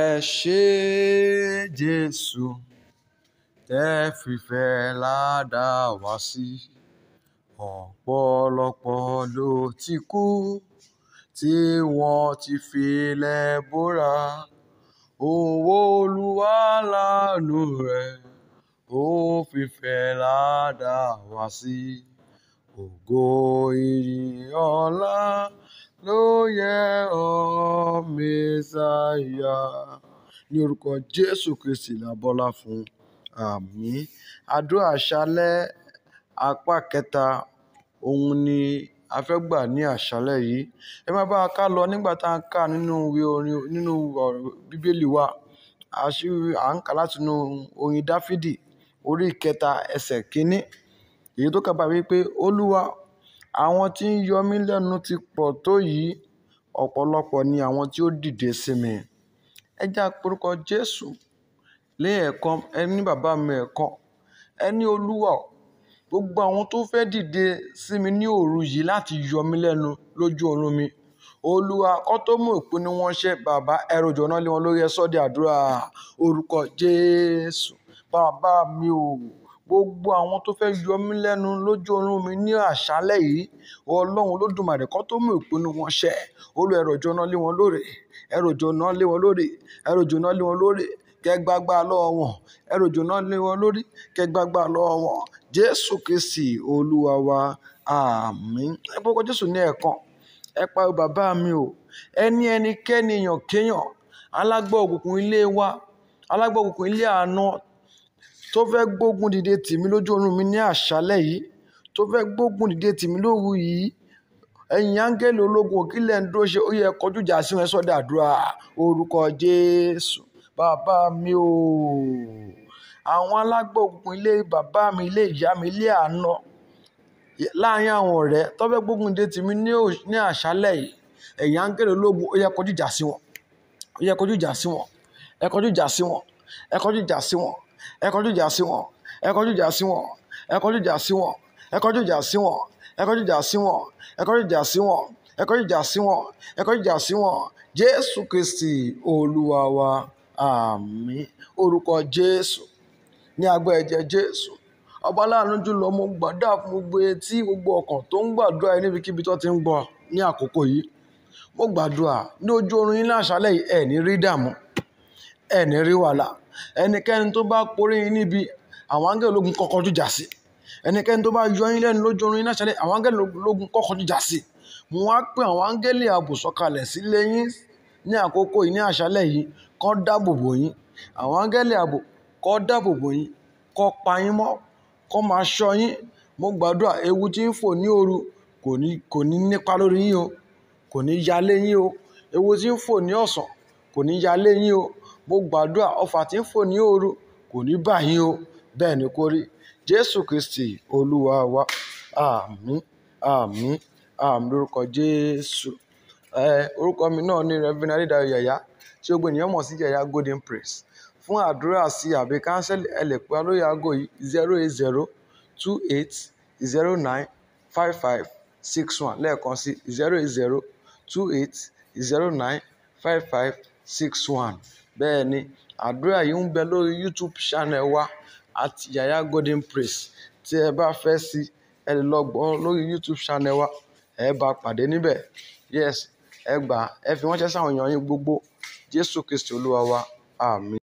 Ẹ ṣé Jésù, tẹ fìfẹ́ ládá wa sí. Ọ̀pọ̀lọpọ̀ ló ti kú, tí wọ́n ti fi ilẹ̀ bóra. Òwò Olúwa lánàá rẹ̀, ó fìfẹ́ ládá wa sí. Ògo ìyìn ọlá ló yẹ ọ́ Mèsáyà. Ní orúkọ Jésù Kristì la bọ́lá fún. Àmín. Àdúrà àṣálẹ́ apá kẹta, òun ni a fẹ́ gbà ní àṣálẹ́ yìí. Ẹ máa bá wa ká lọ nígbà tá à ń kà nínú ìwé orin, nínú bíbélì wa. A sì ń kà láti orin Dáfídì, orí kẹta ẹsẹ̀ kínní èyí tó kà báyìí pé olúwa àwọn tí ń yọ mí lẹ́nu ti pọ̀ tó yìí ọ̀pọ̀lọpọ̀ ni àwọn tí ó dìde sí mi ẹ jẹ́ àpérúkọ jésù lẹ́ẹ̀kan ẹni bàbá mi ẹ̀kan ẹni olúwa gbogbo àwọn tó fẹ́ dìde sí mi ní òru yìí láti yọ mí lẹ́nu lójú oorun mi olúwa kó tó mú ìpinnu wọn ṣe bàbá ẹrù jọ̀nà lé wọn lórí ẹsọ́ di àdúrà orúkọ jésù bàbá mi ò gbogbo àwọn tó fẹ́ẹ́ yọ mí lẹ́nu lójú oorun mi ní àṣálẹ́ yìí ọlọ́run olódùmarè kó tó mú ìpinnu wọn ṣẹ olú ẹ̀rọ jóná lé wọn lórí ẹ̀rọ jóná lé wọn lórí ẹ̀rọ jóná lé wọn lórí kẹgbàgbà lọ́wọ́ wọn ẹ̀rọ jóná lé wọn lórí kẹgbàgbà lọ́wọ́ wọn jésù kristi olúwa wa àmín ẹ gbọ́dọ̀ jésù ní ẹ̀kan ẹ pa bàbá mi o ẹni ẹnikẹ́ni èèyàn kéèyàn alágbó òkùnkùn ilé wa alágbó òkùnkùn ilé àná tó fẹ́ gbógun dìde tèmi lójú oorun mi ní àṣálẹ́ yìí tó fẹ́ gbógun dìde tèmi lóru yìí ẹ̀yin áńgẹ́lì ológun òkìlẹ̀ ń dúró ṣe ó yẹ kọjú ìjà sí wọn sọ́dọ̀ àdúrà orúkọ Jésù bàbá mi o àwọn alágbógun ilé bàbá mi ilé ìyá mi ilé àná láàárín àwọn ọ̀rẹ́ tó fẹ́ gbógun dìde tèmi ní àṣálẹ́ yìí ẹ̀yin áńgẹ́lì ológun ó yẹ kọjú ìjà sí wọn ó yẹ kọjú ìjà sí wọn ẹ kọjú ìjà sí wọn ẹ kọjú ìjà sí wọn ẹ kọjú ìjà sí wọn ẹ kọjú ìjà sí wọn ẹ kọjú ìjà sí wọn ẹ kọjú ìjà sí wọn ẹ kọjú ìjà sí wọn ẹ kọjú ìjà sí wọn ẹ kọjú ìjà sí wọn ẹ kọjú ìjà sí wọn jésù kristi olúwa wa àmín orúkọ jésù ní agbẹ́ ẹ̀jẹ̀ jésù ọba láàánú jùlọ mo gbàdá fún gbogbo etí gbogbo ọkàn tó ń gbàdúrà yín níbikíbi tó ti ń gbọ́ ní àkókò yìí mo gbàdúrà ní ojú oorun yín láṣálẹ́ yìí ẹ̀ ní rí dààmú ẹ̀ ní rí wàhálà ẹnikẹ́ni tó bá porí yín níbi àwọn áńgẹ́lì ológun kọ́kọ́ jújà sí ẹnikẹ́ni tó bá yọ yín lẹ́nu lójú orin náà ṣẹlẹ̀ àwọn áńgẹ́lì ológun kọ́kọ́ jújà sí mo wá pé àwọn áńgẹ́lì ààbò sọ̀kalẹ̀ sílé yín ní àkókò yìí ní àṣálẹ́ yìí kọ́ dáàbò bò yín àwọn áńgẹ́lì ààbò kọ́ dáàbò bò yín kọ́ pa yín mọ́ kọ́ máa ṣọ́ yín mo gbàdúrà ewu tí ń fò ní òru kò ní nípa lórí yín o kò ní yalé yín o ewu tí ń fò ní ọ̀sán kò ní yalé yín o mo gbàdúrà ọfà tí ń fò ní kò ní báyìí o bẹ́ẹ̀ ni kò rí jésù kristi olúwa wa àmì àmì àmì lórúkọ jésù orúkọ mi náà ní Reverend Adédayọ̀ Yàyà tí gbé ènìyàn mọ̀ sí Yàyà Golden Praise fún àdúrà sí àbí kánsẹ́lì ẹlẹ́pẹ́ aago yìí zero eight lẹ́ẹ̀kan sí zero Bẹ́ẹ̀ ni, àdúrà yìí ń bẹ lórí YouTube channel wa at Yahya Golden Praise. Tí ẹ bá fẹ́ sí, ẹ lè lọ gbọ́ lórí YouTube channel wa, ẹ bá pàdé níbẹ̀. Yes, ẹ gbà, ẹ fi ránṣẹ́ sáwọn èèyàn yín gbogbo. Jésù Kristi Olúwa wa. Àmín.